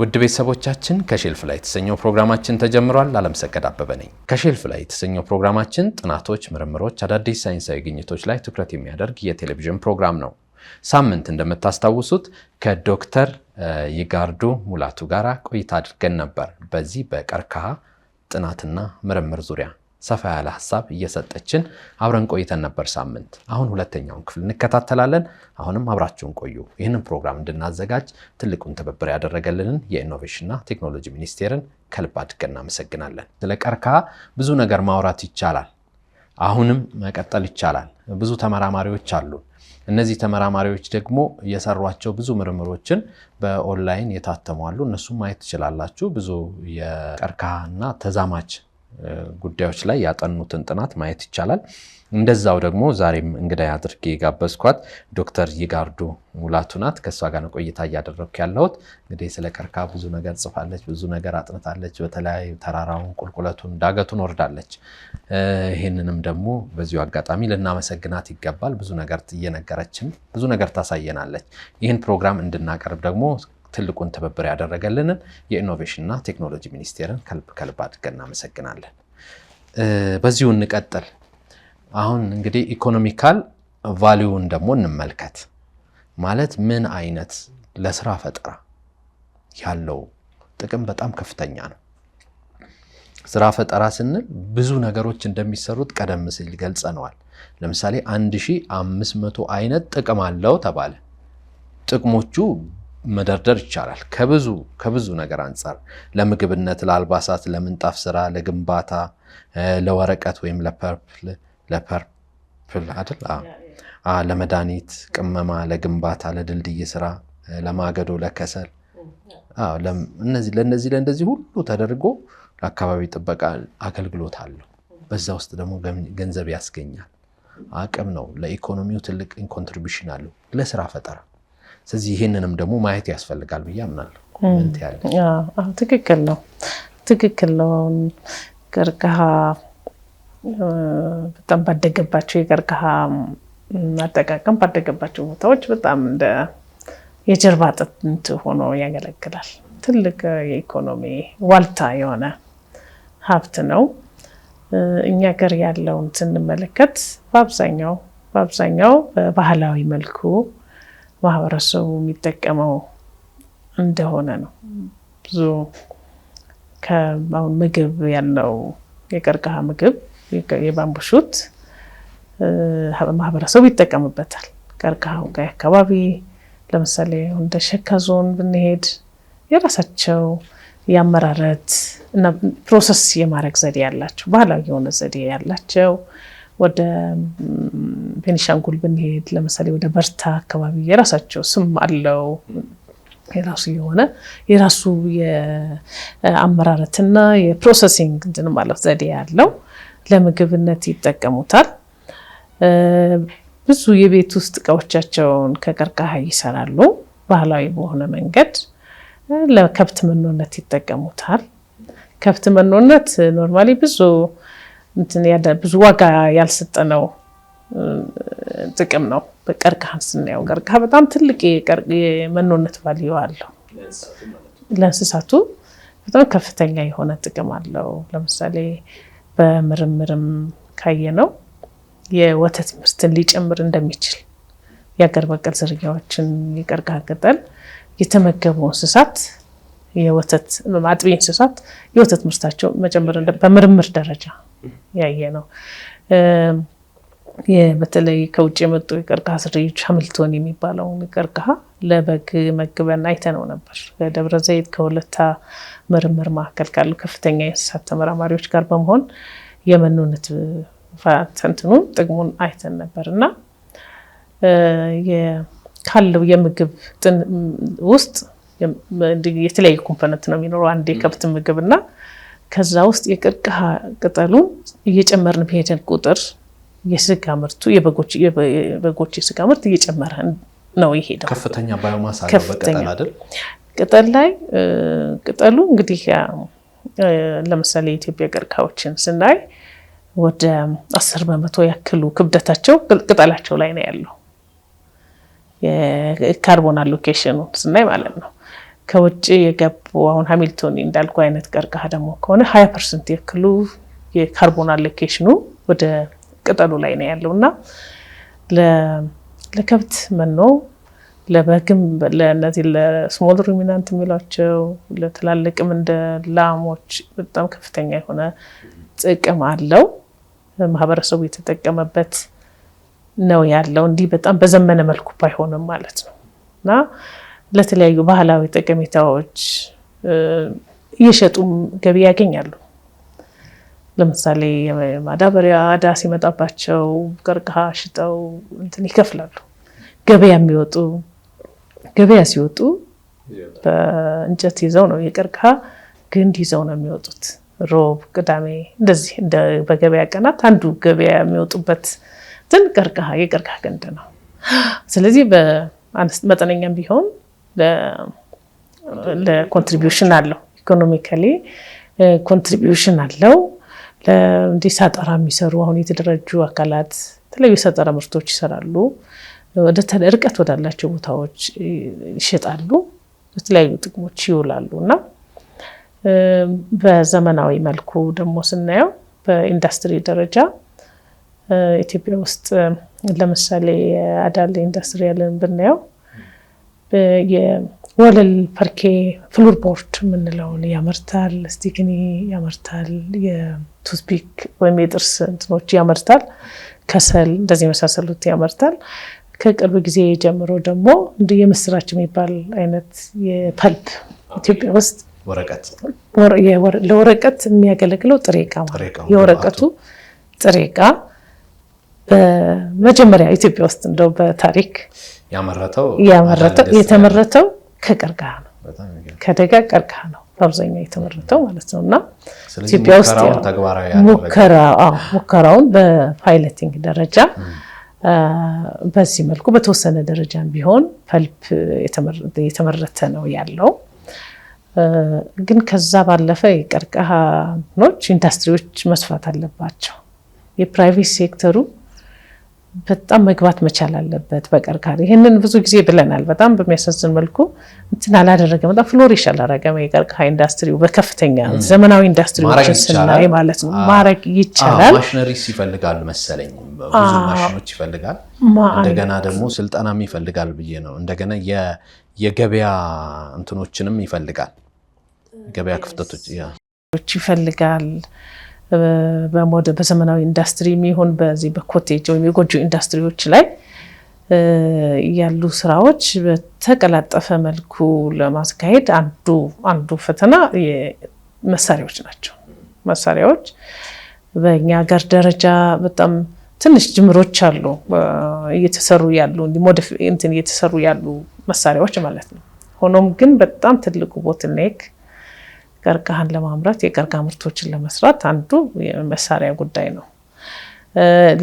ውድ ቤተሰቦቻችን ከሼልፍ ላይ የተሰኘው ፕሮግራማችን ተጀምሯል። አለምሰገድ አበበ ነኝ። ከሼልፍ ላይ የተሰኘው ፕሮግራማችን ጥናቶች፣ ምርምሮች፣ አዳዲስ ሳይንሳዊ ግኝቶች ላይ ትኩረት የሚያደርግ የቴሌቪዥን ፕሮግራም ነው። ሳምንት እንደምታስታውሱት ከዶክተር ይጋርዱ ሙላቱ ጋር ቆይታ አድርገን ነበር በዚህ በቀርከሃ ጥናትና ምርምር ዙሪያ ሰፋ ያለ ሀሳብ እየሰጠችን አብረን ቆይተን ነበር ሳምንት። አሁን ሁለተኛውን ክፍል እንከታተላለን። አሁንም አብራችሁን ቆዩ። ይህንን ፕሮግራም እንድናዘጋጅ ትልቁን ትብብር ያደረገልንን የኢኖቬሽንና ቴክኖሎጂ ሚኒስቴርን ከልብ አድርገን እናመሰግናለን። ስለ ቀርከሃ ብዙ ነገር ማውራት ይቻላል። አሁንም መቀጠል ይቻላል። ብዙ ተመራማሪዎች አሉ። እነዚህ ተመራማሪዎች ደግሞ የሰሯቸው ብዙ ምርምሮችን በኦንላይን የታተሟሉ። እነሱም ማየት ትችላላችሁ። ብዙ የቀርከሃና ተዛማች ጉዳዮች ላይ ያጠኑትን ጥናት ማየት ይቻላል። እንደዛው ደግሞ ዛሬም እንግዳ አድርጌ የጋበዝኳት ዶክተር ይጋርዱ ሙላቱ ናት። ከእሷ ጋር ቆይታ እያደረግኩ ያለሁት። እንግዲህ ስለ ቀርካ ብዙ ነገር ጽፋለች፣ ብዙ ነገር አጥንታለች። በተለያዩ ተራራውን፣ ቁልቁለቱን፣ ዳገቱን ወርዳለች። ይህንንም ደግሞ በዚሁ አጋጣሚ ልናመሰግናት ይገባል። ብዙ ነገር እየነገረችን ብዙ ነገር ታሳየናለች። ይህን ፕሮግራም እንድናቀርብ ደግሞ ትልቁን ትብብር ያደረገልንን የኢኖቬሽንና ቴክኖሎጂ ሚኒስቴርን ከልብ ከልብ አድርገን እናመሰግናለን። በዚሁ እንቀጥል። አሁን እንግዲህ ኢኮኖሚካል ቫሊዩን ደግሞ እንመልከት። ማለት ምን አይነት ለስራ ፈጠራ ያለው ጥቅም በጣም ከፍተኛ ነው። ስራ ፈጠራ ስንል ብዙ ነገሮች እንደሚሰሩት ቀደም ሲል ገልጸነዋል። ለምሳሌ 1500 አይነት ጥቅም አለው ተባለ። ጥቅሞቹ መደርደር ይቻላል። ከብዙ ከብዙ ነገር አንጻር ለምግብነት፣ ለአልባሳት፣ ለምንጣፍ ስራ፣ ለግንባታ፣ ለወረቀት ወይም ለፐርፕል ለፐርፕል አይደል? ለመድኃኒት ቅመማ፣ ለግንባታ፣ ለድልድይ ስራ፣ ለማገዶ፣ ለከሰል ለእነዚህ ለእንደዚህ ሁሉ ተደርጎ ለአካባቢ ጥበቃ አገልግሎት አለው። በዛ ውስጥ ደግሞ ገንዘብ ያስገኛል። አቅም ነው። ለኢኮኖሚው ትልቅ ኮንትሪቢሽን አለው። ለስራ ፈጠራ ስለዚህ ይህንንም ደግሞ ማየት ያስፈልጋል ብዬ አምናለሁ። ትክክል ነው፣ ትክክል ነው። አሁን ቀርከሃ በጣም ባደገባቸው የቀርከሃ አጠቃቀም ባደገባቸው ቦታዎች በጣም እንደ የጀርባ አጥንት ሆኖ ያገለግላል። ትልቅ የኢኮኖሚ ዋልታ የሆነ ሀብት ነው። እኛ ገር ያለውን ስንመለከት በአብዛኛው በአብዛኛው በባህላዊ መልኩ ማህበረሰቡ የሚጠቀመው እንደሆነ ነው። ብዙ አሁን ምግብ ያለው የቀርከሃ ምግብ የባምቡ ሹት ማህበረሰቡ ይጠቀምበታል። ቀርከሃው ጋ አካባቢ ለምሳሌ እንደ ሸካ ዞን ብንሄድ የራሳቸው የአመራረት እና ፕሮሰስ የማድረግ ዘዴ ያላቸው ባህላዊ የሆነ ዘዴ ያላቸው ወደ ቤኒሻንጉል ብንሄድ ለምሳሌ ወደ በርታ አካባቢ የራሳቸው ስም አለው። የራሱ የሆነ የራሱ የአመራረትና የፕሮሰሲንግ እንትን ማለት ዘዴ ያለው ለምግብነት ይጠቀሙታል። ብዙ የቤት ውስጥ እቃዎቻቸውን ከቀርከሃ ይሰራሉ። ባህላዊ በሆነ መንገድ ለከብት መኖነት ይጠቀሙታል። ከብት መኖነት ኖርማሊ ብዙ ብዙ ዋጋ ያልሰጠነው ጥቅም ነው። በቀርካህን ስናየው ቀርካህ በጣም ትልቅ የመኖነት ቫልዩ አለው። ለእንስሳቱ በጣም ከፍተኛ የሆነ ጥቅም አለው። ለምሳሌ በምርምርም ካየነው የወተት ምርትን ሊጨምር እንደሚችል የአገር በቀል ዝርያዎችን የቀርካህ ቅጠል የተመገቡ እንስሳት የወተት አጥቢ እንስሳት የወተት ምርታቸው መጨመር በምርምር ደረጃ ያየ ነው። በተለይ ከውጭ የመጡ የቀርከሃ ዝርያዎች ሀምልቶን የሚባለው ቀርከሃ ለበግ መግበን አይተነው ነበር። ከደብረ ዘይት ከሁለታ ምርምር መካከል ካሉ ከፍተኛ የእንስሳት ተመራማሪዎች ጋር በመሆን የመኖነት እንትኑን ጥቅሙን አይተን ነበር እና ካለው የምግብ ውስጥ የተለያዩ ኮምፖነንት ነው የሚኖረው አንድ የከብት ምግብ እና ከዛ ውስጥ የቀርከሃ ቅጠሉ እየጨመርን ሄደን ቁጥር የስጋ ምርቱ የበጎች የስጋ ምርት እየጨመረ ነው የሄደው። ከፍተኛ ባዮማስ በቅጠል አይደል? ቅጠል ላይ ቅጠሉ እንግዲህ ለምሳሌ የኢትዮጵያ ቀርከሃዎችን ስናይ ወደ አስር በመቶ ያክሉ ክብደታቸው ቅጠላቸው ላይ ነው ያለው። የካርቦን አሎኬሽኑ ስናይ ማለት ነው። ከውጭ የገቡ አሁን ሀሚልቶን እንዳልኩ አይነት ቀርከሃ ደግሞ ከሆነ ሀያ ፐርሰንት የክሉ የካርቦን አሎኬሽኑ ወደ ቅጠሉ ላይ ነው ያለው እና ለከብት መኖ ለበግም ለእነዚህ ለስሞል ሩሚናንት የሚሏቸው ለትላልቅም እንደ ላሞች በጣም ከፍተኛ የሆነ ጥቅም አለው። ማህበረሰቡ የተጠቀመበት ነው ያለው። እንዲህ በጣም በዘመነ መልኩ ባይሆንም ማለት ነው እና ለተለያዩ ባህላዊ ጠቀሜታዎች እየሸጡም ገቢ ያገኛሉ። ለምሳሌ ማዳበሪያ አዳ ሲመጣባቸው ቀርከሃ ሽጠው እንትን ይከፍላሉ። ገበያ የሚወጡ ገበያ ሲወጡ በእንጨት ይዘው ነው የቀርከሃ ግንድ ይዘው ነው የሚወጡት። ሮብ፣ ቅዳሜ እንደዚህ በገበያ ቀናት አንዱ ገበያ የሚወጡበት እንትን ቀርከሃ የቀርከሃ ግንድ ነው። ስለዚህ መጠነኛም ቢሆን ለኮንትሪቢሽን አለው። ኢኮኖሚካሊ ኮንትሪቢሽን አለው። እንዲህ ሳጠራ የሚሰሩ አሁን የተደራጁ አካላት የተለያዩ ሳጠራ ምርቶች ይሰራሉ። ወደ እርቀት ወዳላቸው ቦታዎች ይሸጣሉ። የተለያዩ ጥቅሞች ይውላሉ እና በዘመናዊ መልኩ ደግሞ ስናየው በኢንዱስትሪ ደረጃ ኢትዮጵያ ውስጥ ለምሳሌ የአዳል ኢንዱስትሪ ያለን ብናየው የወለል ፐርኬ ፍሉር ቦርድ የምንለውን ያመርታል፣ ስቲክኒ ያመርታል፣ የቱስፒክ ወይም የጥርስ እንትኖች ያመርታል፣ ከሰል እንደዚህ የመሳሰሉት ያመርታል። ከቅርብ ጊዜ ጀምሮ ደግሞ እንዲህ የምስራች የሚባል አይነት የፐልፕ ኢትዮጵያ ውስጥ ለወረቀት የሚያገለግለው ጥሬ ዕቃ የወረቀቱ ጥሬ እቃ በመጀመሪያ ኢትዮጵያ ውስጥ እንደው በታሪክ የተመረተው ከቀርከሃ ነው፣ ከደጋ ቀርከሃ ነው በአብዛኛው የተመረተው ማለት ነው። እና ኢትዮጵያ ውስጥ ሙከራውን በፓይለቲንግ ደረጃ በዚህ መልኩ በተወሰነ ደረጃም ቢሆን ፐልፕ የተመረተ ነው ያለው። ግን ከዛ ባለፈ የቀርከሃኖች ኢንዱስትሪዎች መስፋት አለባቸው። የፕራይቬት ሴክተሩ በጣም መግባት መቻል አለበት በቀርካሪ። ይህንን ብዙ ጊዜ ብለናል። በጣም በሚያሳዝን መልኩ እንትን አላደረገ በጣም ፍሎሪሽ አላደረገም የቀርካ ኢንዱስትሪው በከፍተኛ ዘመናዊ ኢንዱስትሪዎችን ስናይ ማለት ነው። ማድረግ ይቻላል። ማሽነሪስ ይፈልጋል መሰለኝ፣ ብዙ ማሽኖች ይፈልጋል። እንደገና ደግሞ ስልጠናም ይፈልጋል ብዬ ነው። እንደገና የገበያ እንትኖችንም ይፈልጋል፣ ገበያ ክፍተቶች ይፈልጋል። በሞደ በዘመናዊ ኢንዱስትሪ የሚሆን በዚህ በኮቴጅ ወይም የጎጆ ኢንዱስትሪዎች ላይ ያሉ ስራዎች በተቀላጠፈ መልኩ ለማስካሄድ አንዱ አንዱ ፈተና መሳሪያዎች ናቸው። መሳሪያዎች በእኛ ሀገር ደረጃ በጣም ትንሽ ጅምሮች አሉ፣ እየተሰሩ ያሉ እንትን እየተሰሩ ያሉ መሳሪያዎች ማለት ነው። ሆኖም ግን በጣም ትልቁ ቦትልኔክ ቀርቀሃን ለማምረት የቀርቀሃ ምርቶችን ለመስራት አንዱ መሳሪያ ጉዳይ ነው።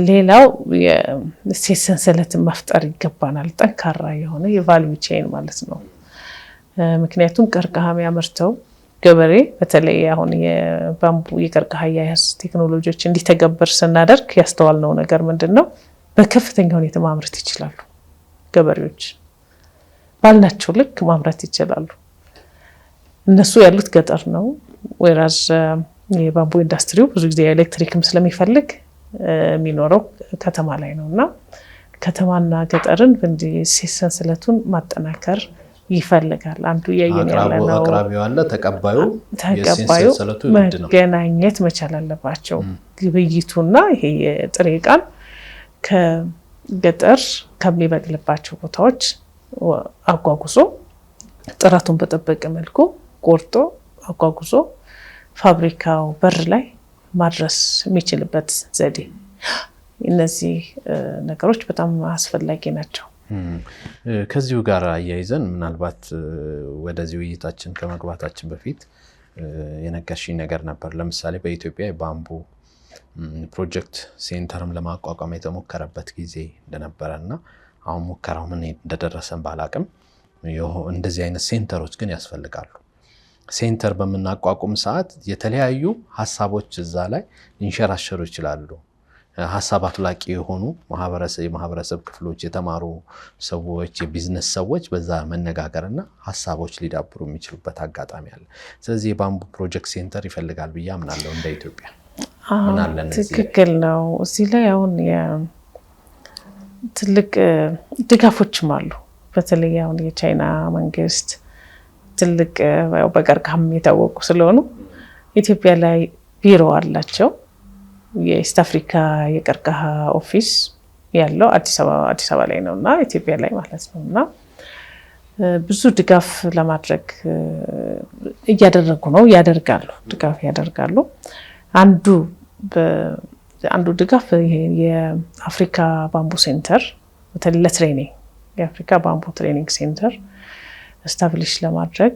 ሌላው የእሴት ሰንሰለትን መፍጠር ይገባናል፣ ጠንካራ የሆነ የቫሊዩ ቼን ማለት ነው። ምክንያቱም ቀርቀሃ የሚያመርተው ገበሬ በተለይ አሁን የባምቡ የቀርቀሃ አያያዝ ቴክኖሎጂዎች እንዲተገበር ስናደርግ ያስተዋልነው ነገር ምንድን ነው? በከፍተኛ ሁኔታ ማምረት ይችላሉ ገበሬዎች ባልናቸው ልክ ማምረት ይችላሉ። እነሱ ያሉት ገጠር ነው። ወይራዝ uh, የባምቡ ኢንዱስትሪው ብዙ ጊዜ ኤሌክትሪክም ስለሚፈልግ uh, የሚኖረው ከተማ ላይ ነው እና ከተማና ገጠርን ሰንሰለቱን ማጠናከር ይፈልጋል። አንዱ እያየን ተቀባዩ መገናኘት መቻል አለባቸው። ግብይቱና ይሄ የጥሬ ዕቃን ከገጠር ከሚበቅልባቸው ቦታዎች አጓጉዞ ጥራቱን በጠበቀ መልኩ ቆርጦ አጓጉዞ ፋብሪካው በር ላይ ማድረስ የሚችልበት ዘዴ። እነዚህ ነገሮች በጣም አስፈላጊ ናቸው። ከዚሁ ጋር አያይዘን ምናልባት ወደዚህ ውይይታችን ከመግባታችን በፊት የነገርሽኝ ነገር ነበር። ለምሳሌ በኢትዮጵያ የባምቡ ፕሮጀክት ሴንተርም ለማቋቋም የተሞከረበት ጊዜ እንደነበረ እና አሁን ሙከራው ምን እንደደረሰን ባላቅም እንደዚህ አይነት ሴንተሮች ግን ያስፈልጋሉ። ሴንተር በምናቋቁም ሰዓት የተለያዩ ሀሳቦች እዛ ላይ ሊንሸራሸሩ ይችላሉ። ሀሳብ አፍላቂ የሆኑ የማህበረሰብ ክፍሎች፣ የተማሩ ሰዎች፣ የቢዝነስ ሰዎች በዛ መነጋገርና ሀሳቦች ሊዳብሩ የሚችሉበት አጋጣሚ አለ። ስለዚህ የባምቡ ፕሮጀክት ሴንተር ይፈልጋል ብዬ አምናለሁ እንደ ኢትዮጵያ። ትክክል ነው። እዚህ ላይ አሁን ትልቅ ድጋፎችም አሉ። በተለይ አሁን የቻይና መንግስት ትልቅ በቀርከሃም የታወቁ ስለሆኑ ኢትዮጵያ ላይ ቢሮ አላቸው። የኢስት አፍሪካ የቀርከሃ ኦፊስ ያለው አዲስ አበባ ላይ ነው እና ኢትዮጵያ ላይ ማለት ነው እና ብዙ ድጋፍ ለማድረግ እያደረጉ ነው፣ ያደርጋሉ፣ ድጋፍ ያደርጋሉ። አንዱ አንዱ ድጋፍ የአፍሪካ ባምቡ ሴንተር ለትሬኒንግ የአፍሪካ ባምቡ ትሬኒንግ ሴንተር እስታብሊሽ ለማድረግ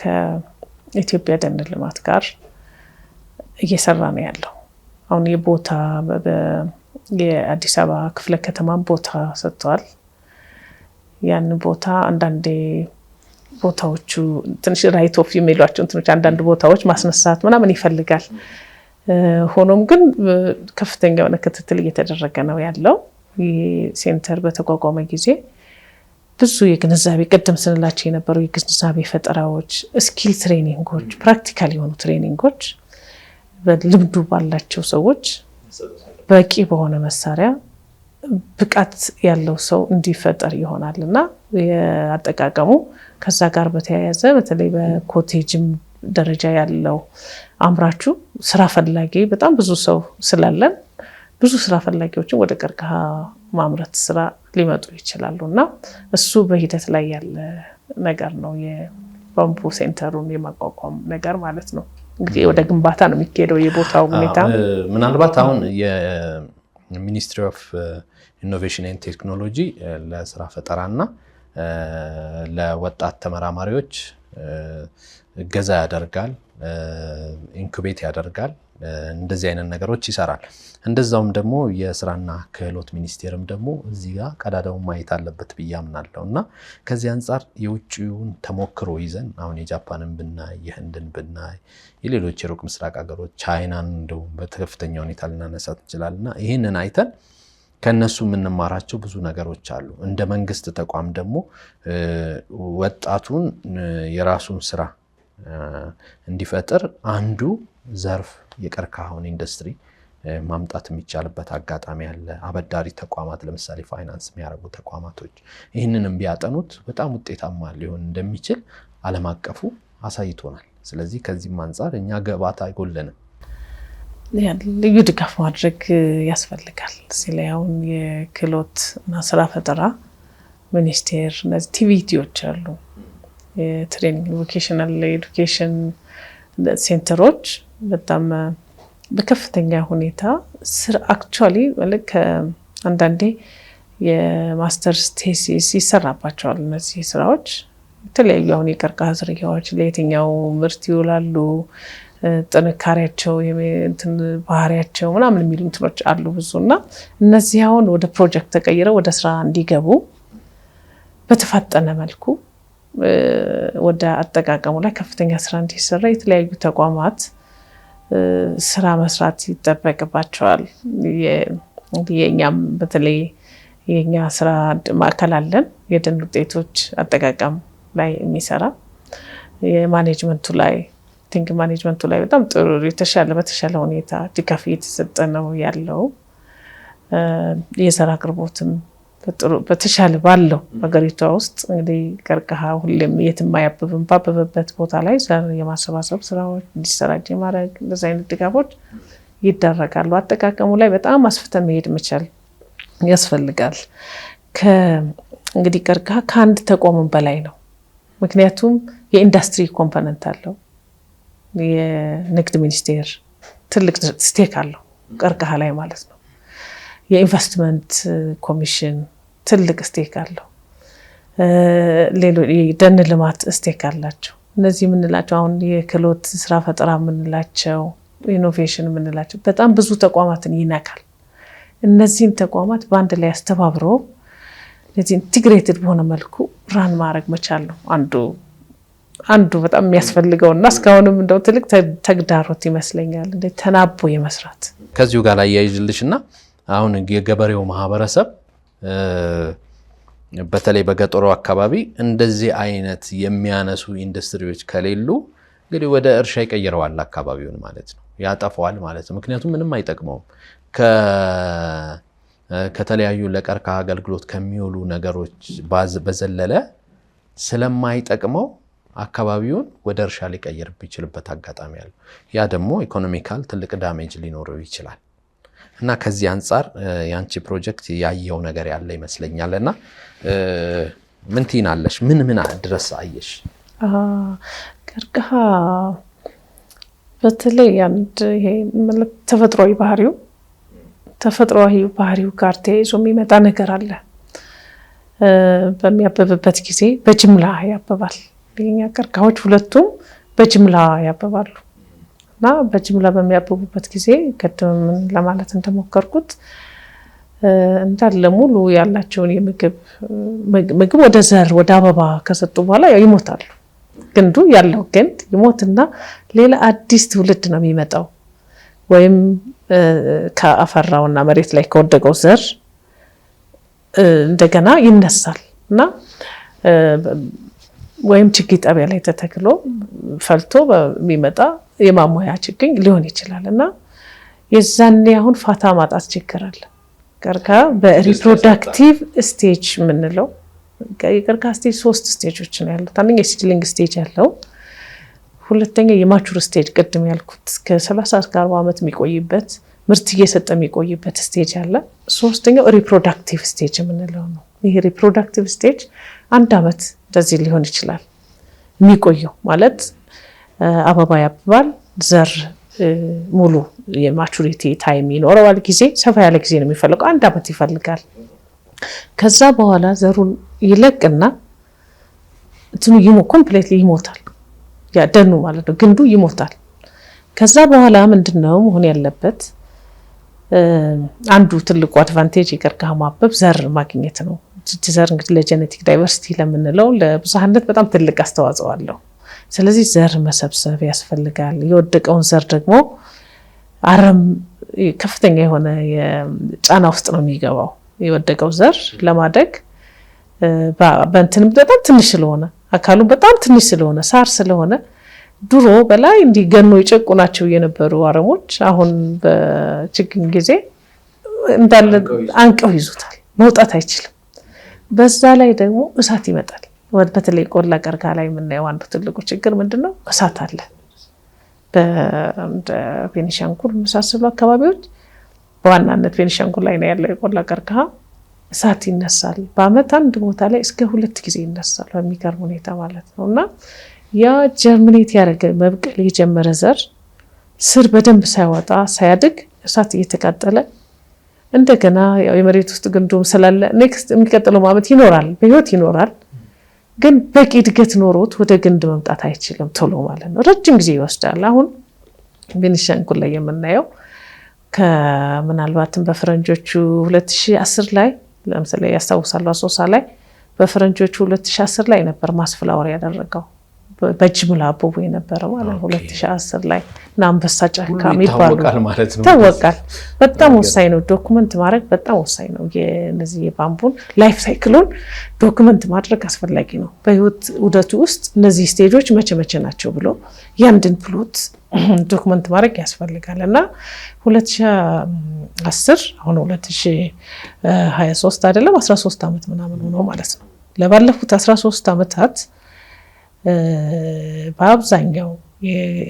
ከኢትዮጵያ ደን ልማት ጋር እየሰራ ነው ያለው። አሁን የቦታ የአዲስ አበባ ክፍለ ከተማ ቦታ ሰጥተዋል። ያን ቦታ አንዳንዴ ቦታዎቹ ትንሽ ራይት ኦፍ የሚሏቸው እንትኖች አንዳንድ ቦታዎች ማስነሳት ምናምን ይፈልጋል። ሆኖም ግን ከፍተኛ የሆነ ክትትል እየተደረገ ነው ያለው። ይህ ሴንተር በተቋቋመ ጊዜ ብዙ የግንዛቤ ቅድም ስንላቸው የነበሩ የግንዛቤ ፈጠራዎች፣ ስኪል ትሬኒንጎች፣ ፕራክቲካል የሆኑ ትሬኒንጎች ልምዱ ባላቸው ሰዎች በቂ በሆነ መሳሪያ ብቃት ያለው ሰው እንዲፈጠር ይሆናል እና የአጠቃቀሙ ከዛ ጋር በተያያዘ በተለይ በኮቴጅም ደረጃ ያለው አምራቹ ስራ ፈላጊ በጣም ብዙ ሰው ስላለን ብዙ ስራ ፈላጊዎችን ወደ ቀርከሃ ማምረት ስራ ሊመጡ ይችላሉ እና እሱ በሂደት ላይ ያለ ነገር ነው። የባምቡ ሴንተሩን የማቋቋም ነገር ማለት ነው። እንግዲህ ወደ ግንባታ ነው የሚካሄደው የቦታው ሁኔታ። ምናልባት አሁን የሚኒስትሪ ኦፍ ኢኖቬሽን ኤንድ ቴክኖሎጂ ለስራ ፈጠራና ለወጣት ተመራማሪዎች እገዛ ያደርጋል፣ ኢንኩቤት ያደርጋል እንደዚህ አይነት ነገሮች ይሰራል። እንደዛውም ደግሞ የስራና ክህሎት ሚኒስቴርም ደግሞ እዚህ ጋር ቀዳዳውን ማየት አለበት ብዬ አምናለሁ እና ከዚህ አንጻር የውጭውን ተሞክሮ ይዘን አሁን የጃፓንን ብናይ፣ የህንድን ብናይ፣ የሌሎች የሩቅ ምስራቅ ሀገሮች ቻይናን እንደውም በከፍተኛ ሁኔታ ልናነሳት እንችላለን እና ይህንን አይተን ከእነሱ የምንማራቸው ብዙ ነገሮች አሉ። እንደ መንግስት ተቋም ደግሞ ወጣቱን የራሱን ስራ እንዲፈጥር አንዱ ዘርፍ የቀርከሃውን ኢንዱስትሪ ማምጣት የሚቻልበት አጋጣሚ አለ። አበዳሪ ተቋማት ለምሳሌ ፋይናንስ የሚያደርጉ ተቋማቶች ይህንንም ቢያጠኑት በጣም ውጤታማ ሊሆን እንደሚችል ዓለም አቀፉ አሳይቶናል። ስለዚህ ከዚህም አንጻር እኛ ገባት አይጎለንም። ልዩ ድጋፍ ማድረግ ያስፈልጋል። እዚህ ላይ አሁን የክህሎት እና ስራ ፈጠራ ሚኒስቴር እነዚህ ቲቪቲዎች አሉ፣ የትሬኒንግ ቮኬሽናል ኤዱኬሽን ሴንተሮች በጣም በከፍተኛ ሁኔታ ስር አክቹዋሊ አንዳንዴ የማስተርስ ቴሲስ ይሰራባቸዋል። እነዚህ ስራዎች የተለያዩ አሁን የቀርከሃ ዝርያዎች ለየትኛው ምርት ይውላሉ፣ ጥንካሬያቸው፣ ባህሪያቸው ምናምን የሚሉ እንትኖች አሉ ብዙ እና እነዚህ አሁን ወደ ፕሮጀክት ተቀይረው ወደ ስራ እንዲገቡ በተፋጠነ መልኩ ወደ አጠቃቀሙ ላይ ከፍተኛ ስራ እንዲሰራ የተለያዩ ተቋማት ስራ መስራት ይጠበቅባቸዋል። የኛም በተለይ የኛ ስራ ማዕከል አለን የደን ውጤቶች አጠቃቀም ላይ የሚሰራ የማኔጅመንቱ ላይ ቲንክ ማኔጅመንቱ ላይ በጣም ጥሩ የተሻለ በተሻለ ሁኔታ ድጋፍ እየተሰጠ ነው ያለው የስራ አቅርቦትም በተሻለ ባለው ሀገሪቷ ውስጥ እንግዲህ ቀርከሃ ሁሌም የት አያብብም። ባበበበት ቦታ ላይ ዘር የማሰባሰብ ስራዎች እንዲሰራጅ የማድረግ እንደዚህ አይነት ድጋፎች ይደረጋሉ። አጠቃቀሙ ላይ በጣም አስፍተን መሄድ መቻል ያስፈልጋል። እንግዲህ ቀርከሃ ከአንድ ተቋምም በላይ ነው። ምክንያቱም የኢንዱስትሪ ኮምፖነንት አለው። የንግድ ሚኒስቴር ትልቅ ስቴክ አለው ቀርከሃ ላይ ማለት ነው። የኢንቨስትመንት ኮሚሽን ትልቅ ስቴክ አለው። ደን ልማት ስቴክ አላቸው። እነዚህ የምንላቸው አሁን የክህሎት ስራ ፈጠራ የምንላቸው ኢኖቬሽን የምንላቸው በጣም ብዙ ተቋማትን ይነካል። እነዚህን ተቋማት በአንድ ላይ አስተባብሮ እነዚህ ኢንቲግሬትድ በሆነ መልኩ ራን ማድረግ መቻል ነው አንዱ አንዱ በጣም የሚያስፈልገው እና እስካሁንም እንደው ትልቅ ተግዳሮት ይመስለኛል ተናቦ የመስራት ከዚሁ ጋር አያይዝልሽ እና አሁን የገበሬው ማህበረሰብ በተለይ በገጠሩ አካባቢ እንደዚህ አይነት የሚያነሱ ኢንዱስትሪዎች ከሌሉ እንግዲህ ወደ እርሻ ይቀይረዋል አካባቢውን ማለት ነው፣ ያጠፈዋል ማለት ነው። ምክንያቱም ምንም አይጠቅመውም። ከተለያዩ ለቀርከሃ አገልግሎት ከሚውሉ ነገሮች በዘለለ ስለማይጠቅመው አካባቢውን ወደ እርሻ ሊቀይር ቢችልበት አጋጣሚ አለው። ያ ደግሞ ኢኮኖሚካል ትልቅ ዳሜጅ ሊኖረው ይችላል። እና ከዚህ አንጻር የአንቺ ፕሮጀክት ያየው ነገር ያለ ይመስለኛል። እና ምን ትይናለሽ? ምን ምን ድረስ አየሽ? ቀርከሃ በተለይ አንድ ይሄ ተፈጥሯዊ ባህሪው ተፈጥሯዊ ባህሪው ጋር ተያይዞ የሚመጣ ነገር አለ። በሚያበብበት ጊዜ በጅምላ ያበባል። የእኛ ቀርከሃዎች ሁለቱም በጅምላ ያበባሉ። እና በጅምላ በሚያብቡበት ጊዜ ቅድም ለማለት እንደሞከርኩት እንዳለ ሙሉ ያላቸውን የምግብ ምግብ ወደ ዘር ወደ አበባ ከሰጡ በኋላ ይሞታሉ። ግንዱ ያለው ግንድ ይሞትና ሌላ አዲስ ትውልድ ነው የሚመጣው። ወይም ከአፈራውና መሬት ላይ ከወደቀው ዘር እንደገና ይነሳል እና ወይም ችግኝ ጣቢያ ላይ ተተክሎ ፈልቶ በሚመጣ የማሟያ ችግኝ ሊሆን ይችላል እና የዛኔ አሁን ፋታ ማጣት ችግር አለ። ቀርከሃ በሪፕሮዳክቲቭ ስቴጅ የምንለው የቀርካ ስቴጅ ሶስት ስቴጆች ነው ያሉት። አንደኛ የሲድሊንግ ስቴጅ ያለው፣ ሁለተኛ የማቹር ስቴጅ ቅድም ያልኩት ከ30 እስከ 40 ዓመት የሚቆይበት ምርት እየሰጠ የሚቆይበት ስቴጅ አለ። ሶስተኛው ሪፕሮዳክቲቭ ስቴጅ የምንለው ነው። ይህ ሪፕሮዳክቲቭ ስቴጅ አንድ ዓመት እንደዚህ ሊሆን ይችላል የሚቆየው ማለት አበባ ያብባል ዘር ሙሉ የማቹሪቲ ታይም ይኖረዋል። ጊዜ ሰፋ ያለ ጊዜ ነው የሚፈልገው፣ አንድ አመት ይፈልጋል። ከዛ በኋላ ዘሩን ይለቅና እንትኑ ይሞ ኮምፕሌትሊ ይሞታል፣ ያ ደኑ ማለት ነው፣ ግንዱ ይሞታል። ከዛ በኋላ ምንድን ነው መሆን ያለበት? አንዱ ትልቁ አድቫንቴጅ የቀርከሃ ማበብ ዘር ማግኘት ነው። ዘር እንግዲህ ለጀኔቲክ ዳይቨርሲቲ ለምንለው ለብዙሀነት በጣም ትልቅ አስተዋጽኦ አለው። ስለዚህ ዘር መሰብሰብ ያስፈልጋል። የወደቀውን ዘር ደግሞ አረም ከፍተኛ የሆነ ጫና ውስጥ ነው የሚገባው። የወደቀው ዘር ለማደግ በእንትንም በጣም ትንሽ ስለሆነ አካሉም በጣም ትንሽ ስለሆነ ሳር ስለሆነ ድሮ በላይ እንዲህ ገኖ የጨቁ ናቸው የነበሩ አረሞች አሁን በችግኝ ጊዜ እንዳለ አንቀው ይዙታል፣ መውጣት አይችልም። በዛ ላይ ደግሞ እሳት ይመጣል። በተለይ ቆላ ቀርካ ላይ የምናየው አንዱ ትልቁ ችግር ምንድን ነው? እሳት አለ። በቤኒሻንጉል መሳሰሉ አካባቢዎች በዋናነት ቤኒሻንጉል ላይ ነው ያለው የቆላ ቀርካ እሳት ይነሳል። በአመት አንድ ቦታ ላይ እስከ ሁለት ጊዜ ይነሳል። በሚገርም ሁኔታ ማለት ነው። እና ያ ጀርምኔት ያደረገ መብቀል የጀመረ ዘር ስር በደንብ ሳይወጣ ሳያድግ እሳት እየተቃጠለ እንደገና ያው የመሬት ውስጥ ግንዱም ስላለ ኔክስት የሚቀጥለው ዓመት ይኖራል፣ በህይወት ይኖራል። ግን በቂ እድገት ኖሮት ወደ ግንድ መምጣት አይችልም ቶሎ ማለት ነው። ረጅም ጊዜ ይወስዳል። አሁን ቤኒሻንጉል ላይ የምናየው ከምናልባትም በፈረንጆቹ 2010 ላይ ለምሳሌ ያስታውሳሉ፣ አሶሳ ላይ በፈረንጆቹ 2010 ላይ ነበር ማስፍላወር ያደረገው በጅምላ አብቦ የነበረ ማለት ነው። 2010 ላይ እና አንበሳ ጫካ የሚባሉ ይታወቃል። በጣም ወሳኝ ነው። ዶክመንት ማድረግ በጣም ወሳኝ ነው። እነዚህ የባምቡን ላይፍ ሳይክሉን ዶክመንት ማድረግ አስፈላጊ ነው። በህይወት ውደቱ ውስጥ እነዚህ ስቴጆች መቼ መቼ ናቸው ብሎ የአንድን ፕሎት ዶክመንት ማድረግ ያስፈልጋል እና 2010 አሁን 2023 አይደለም 13 ዓመት ምናምን ሆኖ ማለት ነው ለባለፉት 13 ዓመታት በአብዛኛው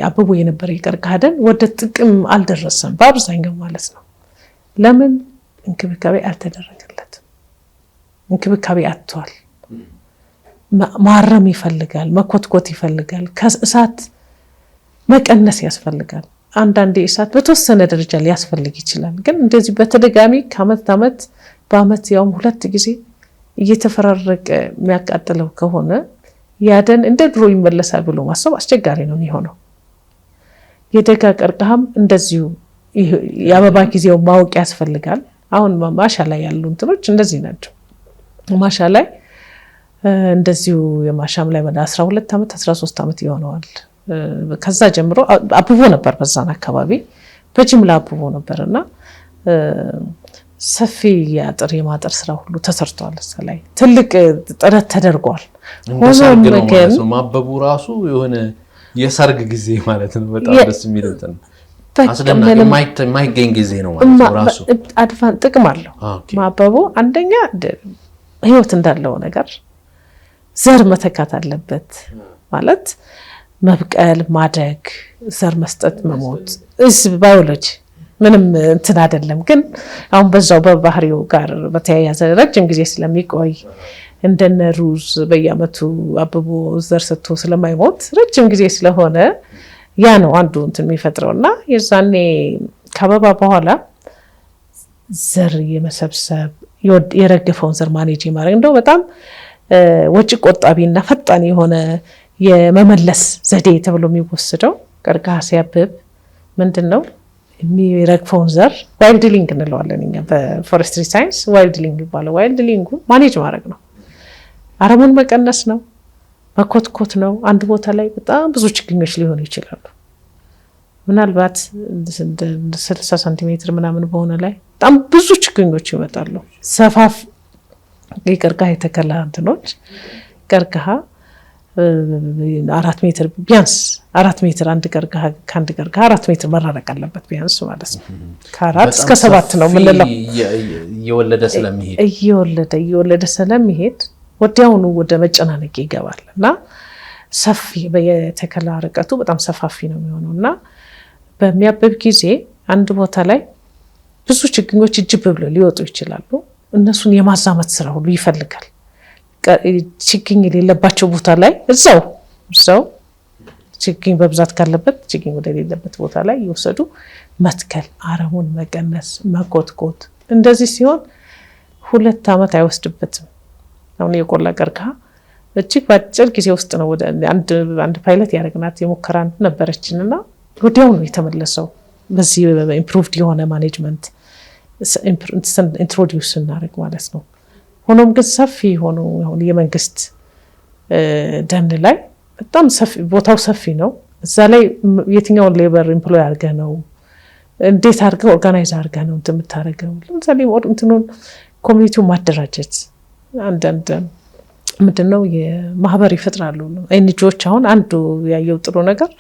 አብቦ የነበረ የቀርከሃ ደን ወደ ጥቅም አልደረሰም፣ በአብዛኛው ማለት ነው። ለምን እንክብካቤ አልተደረገለትም? እንክብካቤ አጥቷል። ማረም ይፈልጋል፣ መኮትኮት ይፈልጋል፣ ከእሳት መቀነስ ያስፈልጋል። አንዳንዴ እሳት በተወሰነ ደረጃ ሊያስፈልግ ይችላል። ግን እንደዚህ በተደጋሚ ከአመት አመት በአመት ያውም ሁለት ጊዜ እየተፈራረቀ የሚያቃጥለው ከሆነ ያደን እንደ ድሮ ይመለሳል ብሎ ማሰብ አስቸጋሪ ነው የሚሆነው። የደጋ ቀርቀሃም እንደዚሁ የአበባ ጊዜውን ማወቅ ያስፈልጋል። አሁን ማሻ ላይ ያሉ እንትኖች እንደዚህ ናቸው። ማሻ ላይ እንደዚሁ የማሻም ላይ ወደ 12 ዓመት 13 ዓመት ይሆነዋል። ከዛ ጀምሮ አብቦ ነበር፣ በዛን አካባቢ በጅምላ አብቦ ነበር እና ሰፊ የአጥር የማጠር ስራ ሁሉ ተሰርቷል። ላይ ትልቅ ጥረት ተደርጓል። ሆኖም ግን ማበቡ ራሱ የሆነ የሰርግ ጊዜ ማለት ነው። በጣም ደስ የሚል እንትን የማይገኝ ጊዜ ነው ማለት ነው። አድቫን ጥቅም አለው ማበቡ። አንደኛ ህይወት እንዳለው ነገር ዘር መተካት አለበት ማለት መብቀል፣ ማደግ፣ ዘር መስጠት፣ መሞት፣ ባዮሎጂ ምንም እንትን አይደለም። ግን አሁን በዛው በባህሪው ጋር በተያያዘ ረጅም ጊዜ ስለሚቆይ እንደነ ሩዝ በየአመቱ አብቦ ዘር ሰጥቶ ስለማይሞት ረጅም ጊዜ ስለሆነ ያ ነው አንዱ እንትን የሚፈጥረው እና የዛኔ ከአበባ በኋላ ዘር የመሰብሰብ የረገፈውን ዘር ማኔጅ ማድረግ እንደው በጣም ወጪ ቆጣቢ እና ፈጣን የሆነ የመመለስ ዘዴ ተብሎ የሚወስደው ቀርከሃ ሲያብብ ምንድን ነው የሚረግፈውን ዘር ዋይልድ ሊንግ እንለዋለን እኛ በፎረስትሪ ሳይንስ ዋይልድ ሊንግ ይባላል። ዋይልድ ሊንጉ ማኔጅ ማድረግ ነው፣ አረሙን መቀነስ ነው፣ መኮትኮት ነው። አንድ ቦታ ላይ በጣም ብዙ ችግኞች ሊሆኑ ይችላሉ። ምናልባት ስልሳ ሳንቲሜትር ምናምን በሆነ ላይ በጣም ብዙ ችግኞች ይመጣሉ። ሰፋፍ የቀርከሃ የተከላ እንትኖች ቀርከሃ አራት ሜትር ቢያንስ አራት ሜትር አንድ ገርጋ ከአንድ ገርጋ አራት ሜትር መራረቅ አለበት ቢያንስ ማለት ነው። ከአራት እስከ ሰባት ነው ምንለው እየወለደ ስለሚሄድ እየወለደ እየወለደ ስለሚሄድ ወዲያውኑ ወደ መጨናነቅ ይገባል እና ሰፊ የተከላ ርቀቱ በጣም ሰፋፊ ነው የሚሆነው እና በሚያብብ ጊዜ አንድ ቦታ ላይ ብዙ ችግኞች እጅብ ብለው ሊወጡ ይችላሉ። እነሱን የማዛመት ስራ ሁሉ ይፈልጋል። ችግኝ የሌለባቸው ቦታ ላይ እዛው እዛው ችግኝ በብዛት ካለበት ችግኝ ወደሌለበት ቦታ ላይ እየወሰዱ መትከል፣ አረሙን መቀነስ፣ መኮትኮት። እንደዚህ ሲሆን ሁለት ዓመት አይወስድበትም። አሁን የቆላ ቀርከሃ እጅግ በአጭር ጊዜ ውስጥ ነው። ወደ አንድ ፓይለት ያደረግናት የሙከራ ነበረችን እና ወዲያው ነው የተመለሰው። በዚህ ኢምፕሩቭድ የሆነ ማኔጅመንት ኢንትሮዲውስ እናደርግ ማለት ነው። ሆኖም ግን ሰፊ የሆኑ አሁን የመንግስት ደን ላይ በጣም ቦታው ሰፊ ነው። እዛ ላይ የትኛውን ሌበር ኢምፕሎይ አድርገህ ነው እንዴት አድርገህ ኦርጋናይዝ አድርገህ ነው የምታደርገው? ለምሳሌ እንትኑን ኮሚኒቲውን ማደራጀት አንዳንድ ምንድን ነው ማህበር ይፈጥራሉ። ኤንጂኦዎች አሁን አንዱ ያየው ጥሩ ነገር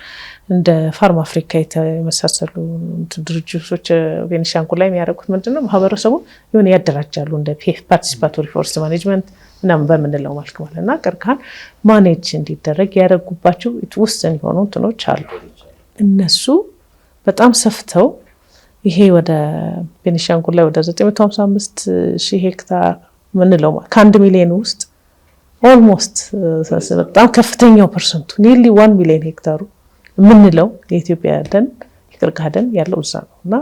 እንደ ፋርም አፍሪካ የተመሳሰሉ ድርጅቶች ቤኒሻንጉል ላይ የሚያደርጉት ምንድን ነው ማህበረሰቡ የሆነ ያደራጃሉ እንደ ፓርቲሲፓቶሪ ፎረስት ማኔጅመንት ምናምን በምንለው መልክ ማለት እና ቀርከሃን ማኔጅ እንዲደረግ ያደረጉባቸው ውስን የሆኑ እንትኖች አሉ። እነሱ በጣም ሰፍተው ይሄ ወደ ቤኒሻንጉል ላይ ወደ 955 ሺህ ሄክታር ምንለው ከአንድ ሚሊዮን ውስጥ ኦልሞስት በጣም ከፍተኛው ፐርሰንቱ ኒርሊ ዋን ሚሊዮን ሄክታሩ የምንለው የኢትዮጵያ ደን ይቅር ካደን ያለው እዛ ነው እና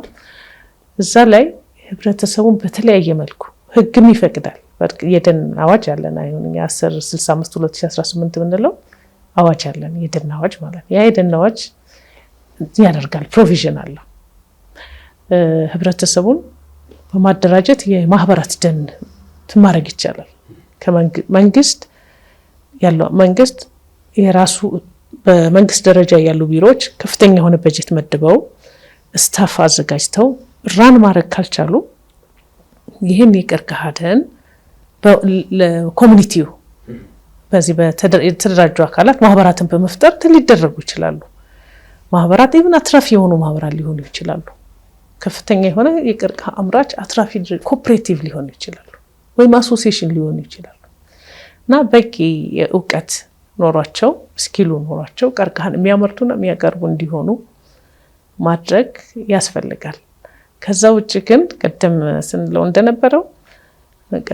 እዛ ላይ ህብረተሰቡን በተለያየ መልኩ ህግም ይፈቅዳል። የደን አዋጅ አለን። አሁን አስር ስልሳ አምስት ሁለት ሺህ አስራ ስምንት የምንለው አዋጅ አለን፣ የደን አዋጅ ማለት ነው። ያ የደን አዋጅ ያደርጋል ፕሮቪዥን አለው ህብረተሰቡን በማደራጀት የማህበራት ደን ማድረግ ይቻላል። ከመንግስት ያለው መንግስት የራሱ በመንግስት ደረጃ ያሉ ቢሮዎች ከፍተኛ የሆነ በጀት መድበው ስታፍ አዘጋጅተው ራን ማድረግ ካልቻሉ ይህን የቀርከሃ ደን ለኮሚኒቲው በዚህ የተደራጁ አካላት ማህበራትን በመፍጠር ሊደረጉ ይችላሉ። ማህበራት ኢቭን አትራፊ የሆኑ ማህበራት ሊሆኑ ይችላሉ። ከፍተኛ የሆነ የቀርከሃ አምራች አትራፊ ኮፕሬቲቭ ሊሆኑ ይችላሉ፣ ወይም አሶሲሽን ሊሆኑ ይችላሉ። እና በቂ እውቀት ኖሯቸው ስኪሉ ኖሯቸው ቀርከሃን የሚያመርቱና የሚያቀርቡ እንዲሆኑ ማድረግ ያስፈልጋል። ከዛ ውጭ ግን ቅድም ስንለው እንደነበረው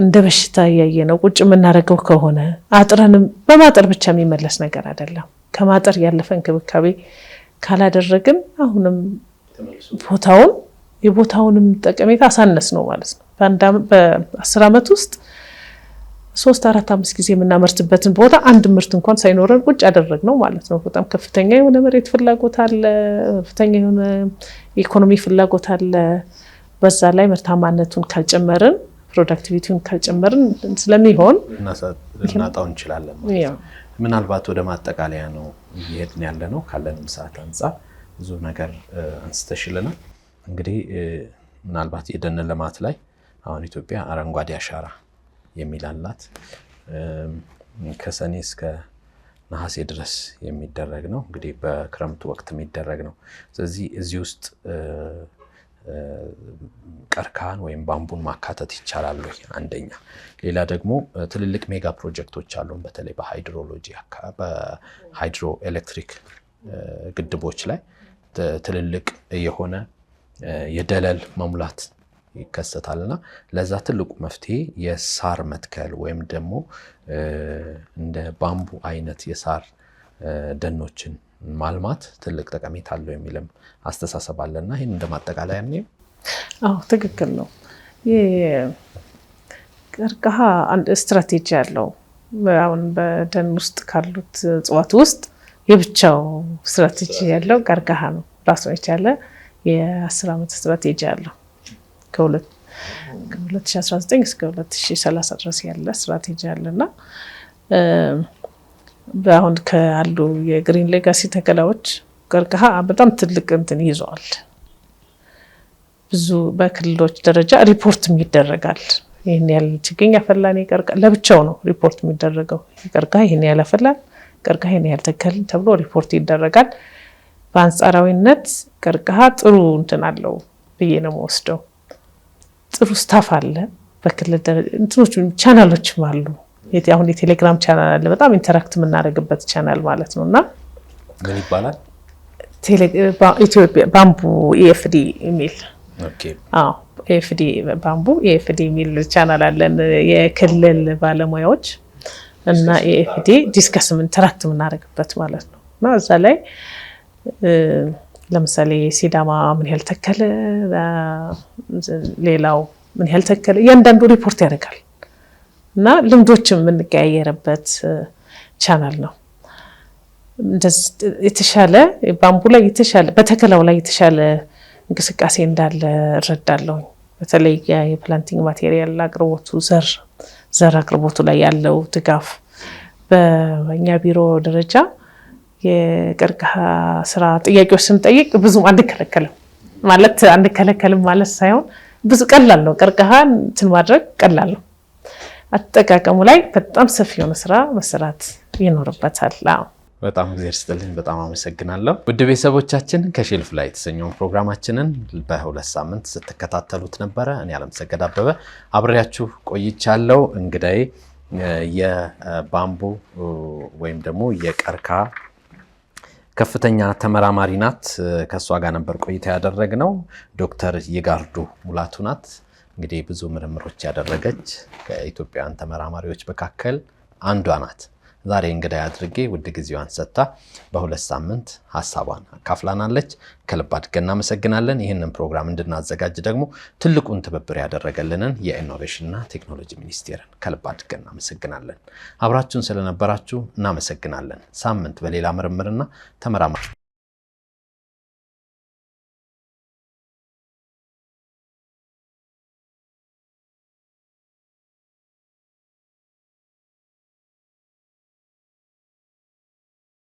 እንደ በሽታ እያየ ነው ቁጭ የምናደርገው ከሆነ አጥረንም በማጠር ብቻ የሚመለስ ነገር አይደለም። ከማጠር ያለፈ እንክብካቤ ካላደረግን አሁንም ቦታውን የቦታውንም ጠቀሜታ አሳነስ ነው ማለት ነው። በአስር ዓመት ውስጥ ሶስት አራት አምስት ጊዜ የምናመርትበትን ቦታ አንድ ምርት እንኳን ሳይኖረን ቁጭ ያደረግ ነው ማለት ነው። በጣም ከፍተኛ የሆነ መሬት ፍላጎት አለ። ከፍተኛ የሆነ ኢኮኖሚ ፍላጎት አለ። በዛ ላይ ምርታማነቱን ካልጨመርን፣ ፕሮዳክቲቪቲውን ካልጨመርን ስለሚሆን ልናጣው እንችላለን ማለት ምናልባት ወደ ማጠቃለያ ነው እየሄድን ያለ ነው። ካለንም ሰዓት አንጻር ብዙ ነገር አንስተሽልናል። እንግዲህ ምናልባት የደን ልማት ላይ አሁን ኢትዮጵያ አረንጓዴ አሻራ የሚላላት ከሰኔ እስከ ነሐሴ ድረስ የሚደረግ ነው። እንግዲህ በክረምቱ ወቅት የሚደረግ ነው። ስለዚህ እዚህ ውስጥ ቀርከሃን ወይም ባምቡን ማካተት ይቻላል ወይ? አንደኛ። ሌላ ደግሞ ትልልቅ ሜጋ ፕሮጀክቶች አሉን። በተለይ በሃይድሮሎጂ በሃይድሮ ኤሌክትሪክ ግድቦች ላይ ትልልቅ የሆነ የደለል መሙላት ይከሰታል ለዛ ትልቁ መፍትሄ የሳር መትከል ወይም ደግሞ እንደ ባምቡ አይነት የሳር ደኖችን ማልማት ትልቅ ጠቀሜታ አለው የሚልም አስተሳሰብ አለ እና ይህን እንደ ማጠቃለያ ኔ አዎ ትክክል ነው። ቀርከሃ አንድ ስትራቴጂ አለው። አሁን በደን ውስጥ ካሉት እጽዋት ውስጥ የብቻው ስትራቴጂ ያለው ቀርከሃ ነው። ራሱ የቻለ የአስር ዓመት ስትራቴጂ አለው። 2019 እስከ 2030 ድረስ ያለ ስትራቴጂ አለና በአሁን የግሪን ሌጋሲ ተከላዎች ቀርከሃ በጣም ትልቅ እንትን ይዘዋል። ብዙ በክልሎች ደረጃ ሪፖርትም ይደረጋል። ይህን ያህል ችግኝ ያፈላን ለብቻው ነው ሪፖርት የሚደረገው። ይህን ያህል ይህን ያህል ተከልን ተብሎ ሪፖርት ይደረጋል። በአንጻራዊነት ጥሩ እንትን አለው ብዬ ነው የምወስደው። ጥሩ ስታፍ አለ። በክልል እንትኖች ቻናሎችም አሉ። አሁን የቴሌግራም ቻናል አለ፣ በጣም ኢንተራክት የምናደርግበት ቻናል ማለት ነው እና ምን ይባላል? ባምቡ ኤፍዲ የሚል ኤፍዲ ባምቡ ኤፍዲ የሚል ቻናል አለን። የክልል ባለሙያዎች እና ኤፍዲ ዲስከስ ኢንተራክት የምናደርግበት ማለት ነው እና እዛ ላይ ለምሳሌ ሲዳማ ምን ያህል ተከለ፣ ሌላው ምን ያህል ተከለ፣ እያንዳንዱ ሪፖርት ያደርጋል እና ልምዶችም የምንቀያየርበት ቻናል ነው። የተሻለ ባምቡ ላይ የተሻለ በተከላው ላይ የተሻለ እንቅስቃሴ እንዳለ እረዳለሁኝ። በተለይ የፕላንቲንግ ማቴሪያል አቅርቦቱ ዘር ዘር አቅርቦቱ ላይ ያለው ድጋፍ በእኛ ቢሮ ደረጃ የቀርከሃ ስራ ጥያቄዎች ስንጠይቅ ብዙም አንከለከልም ማለት አንከለከልም ማለት ሳይሆን ብዙ ቀላል ነው። ቀርከሃን እንትን ማድረግ ቀላል ነው። አጠቃቀሙ ላይ በጣም ሰፊ የሆነ ስራ መሰራት ይኖርበታል። በጣም እግዜር ስጥልኝ። በጣም አመሰግናለሁ። ውድ ቤተሰቦቻችን ከሼልፍ ላይ የተሰኘውን ፕሮግራማችንን በሁለት ሳምንት ስትከታተሉት ነበረ። እኔ አለምሰገድ አበበ አብሬያችሁ ቆይቻለሁ። እንግዳዬ የባምቡ ወይም ደግሞ የቀርከሃ ከፍተኛ ተመራማሪ ናት። ከእሷ ጋር ነበር ቆይታ ያደረግነው። ዶክተር ይጋርዱ ሙላቱ ናት። እንግዲህ ብዙ ምርምሮች ያደረገች ከኢትዮጵያውያን ተመራማሪዎች መካከል አንዷ ናት። ዛሬ እንግዳ አድርጌ ውድ ጊዜዋን ሰጥታ በሁለት ሳምንት ሀሳቧን አካፍላናለች። ከልብ አድርገን እናመሰግናለን። ይህንን ፕሮግራም እንድናዘጋጅ ደግሞ ትልቁን ትብብር ያደረገልንን የኢኖቬሽንና ቴክኖሎጂ ሚኒስቴርን ከልብ አድርገን እናመሰግናለን። አብራችሁን ስለነበራችሁ እናመሰግናለን። ሳምንት በሌላ ምርምርና ተመራማሪ